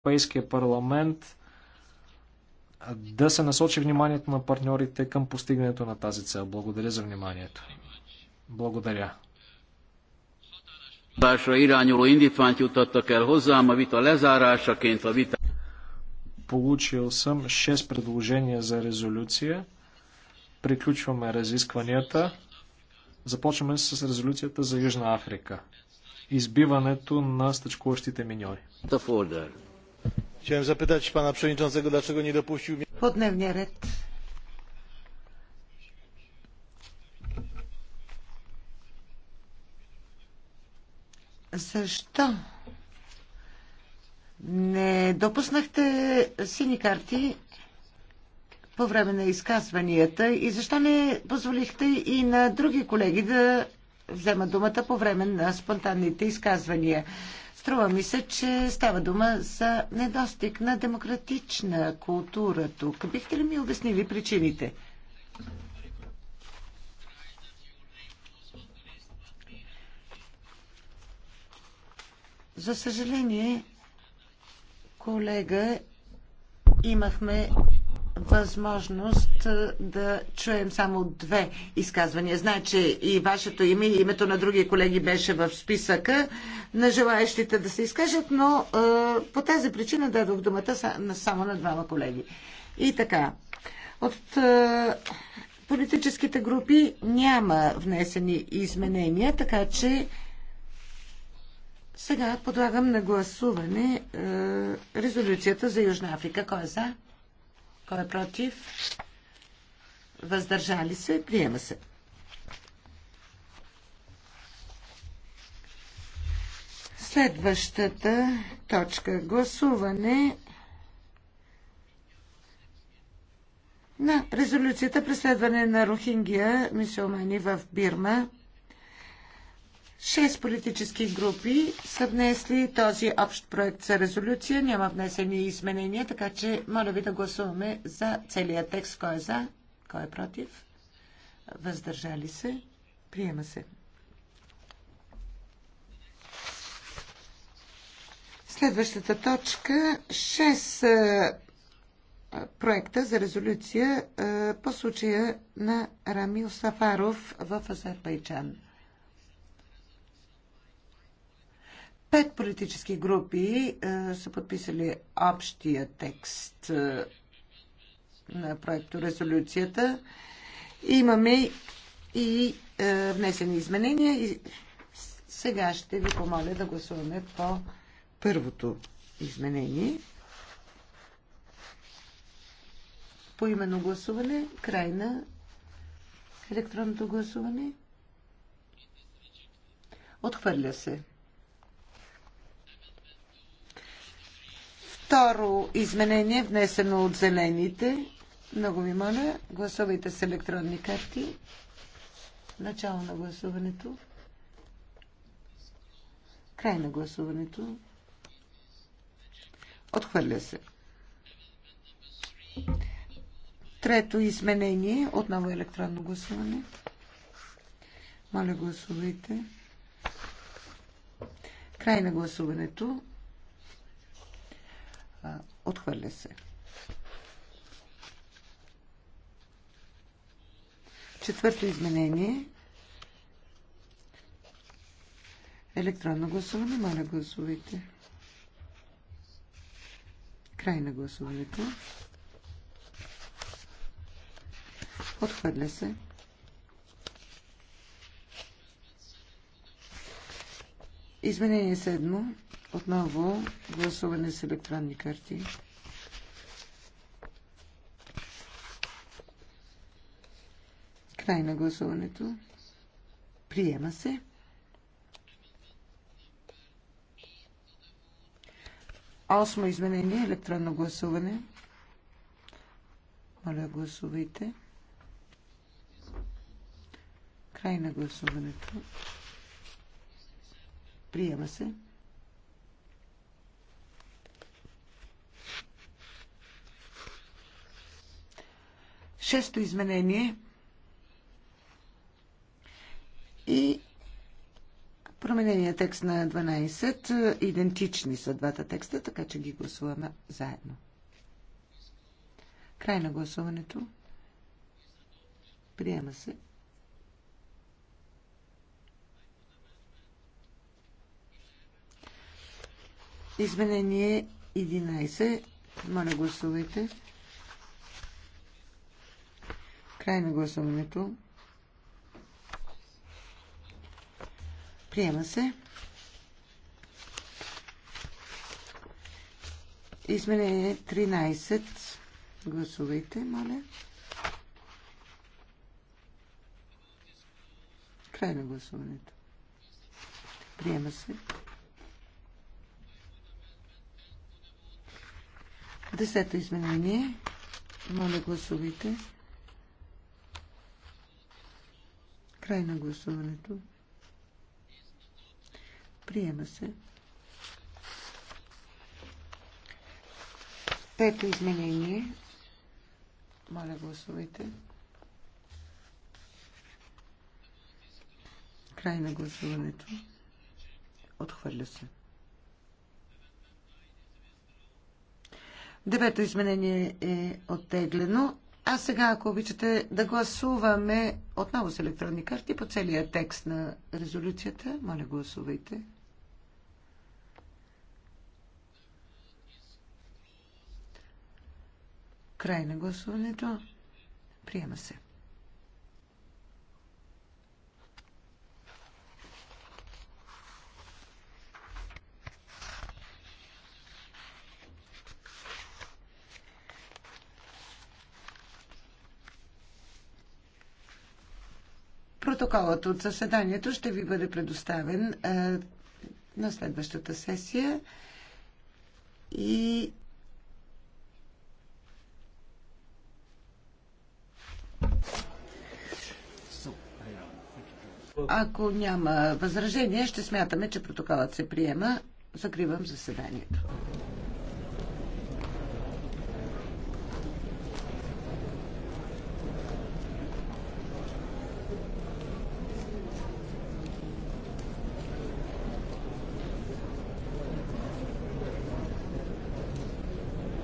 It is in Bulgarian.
Европейския парламент да се насочи вниманието на партньорите към постигането на тази цел. Благодаря за вниманието. Благодаря. Получил съм 6 предложения за резолюция. Приключваме разискванията. Започваме с резолюцията за Южна Африка. Избиването на стъчкуващите миньори. Chciałem zapytać pana przewodniczącego, dlaczego nie dopuścił mnie... По дневния Защо не допуснахте сини карти по време на изказванията и защо не позволихте и на други колеги да взема думата по време на спонтанните изказвания. Струва ми се, че става дума за недостиг на демократична култура тук. Бихте ли ми обяснили причините? За съжаление, колега, имахме възможност да чуем само две изказвания. Значи, и вашето име и името на други колеги беше в списъка на желаящите да се изкажат, но по тази причина дадох думата само на двама колеги. И така, от политическите групи няма внесени изменения, така че сега подлагам на гласуване е, резолюцията за Южна Африка. Кой е за? Кой е против? Въздържали се? Приема се. Следващата точка гласуване на резолюцията преследване на рохингия мисиомани в Бирма. Шест политически групи са внесли този общ проект за резолюция. Няма внесени изменения, така че моля ви да гласуваме за целият текст. Кой е за? Кой е против? Въздържали се? Приема се. Следващата точка Шест проекта за резолюция по случая на Рамил Сафаров в Азербайджан. Пет политически групи е, са подписали общия текст е, на проекто резолюцията. Имаме и е, внесени изменения. И сега ще ви помоля да гласуваме по първото изменение. По именно гласуване, край на електронното гласуване. Отхвърля се. Второ изменение, внесено от зелените. Много ви моля, гласувайте с електронни карти. Начало на гласуването. Край на гласуването. Отхвърля се. Трето изменение, отново електронно гласуване. Моля, гласувайте. Край на гласуването. Отхвърля се. Четвърто изменение. Електронно гласуване. Моля, гласувайте. Край на гласуването. Отхвърля се. Изменение седмо. Отново гласуване с електронни карти. Край на гласуването. Приема се. Осмо изменение електронно гласуване. Моля, гласувайте. Край на гласуването. Приема се. Шесто изменение и променения текст на 12. Идентични са двата текста, така че ги гласуваме заедно. Край на гласуването. Приема се. Изменение 11. Моля гласувайте. Край на гласуването. Приема се. Изменение 13. Гласувайте, моля. Край на гласуването. Приема се. Десето изменение. Моля, гласувайте. Край на гласуването. Приема се. Пето изменение. Моля, гласувайте. Край на гласуването. Отхвърля се. Девето изменение е оттеглено. А сега, ако обичате да гласуваме отново с електронни карти по целия текст на резолюцията, моля гласувайте. Край на гласуването. Приема се. Протоколът от заседанието ще ви бъде предоставен е, на следващата сесия и Ако няма възражение, ще смятаме, че протоколът се приема. Закривам заседанието.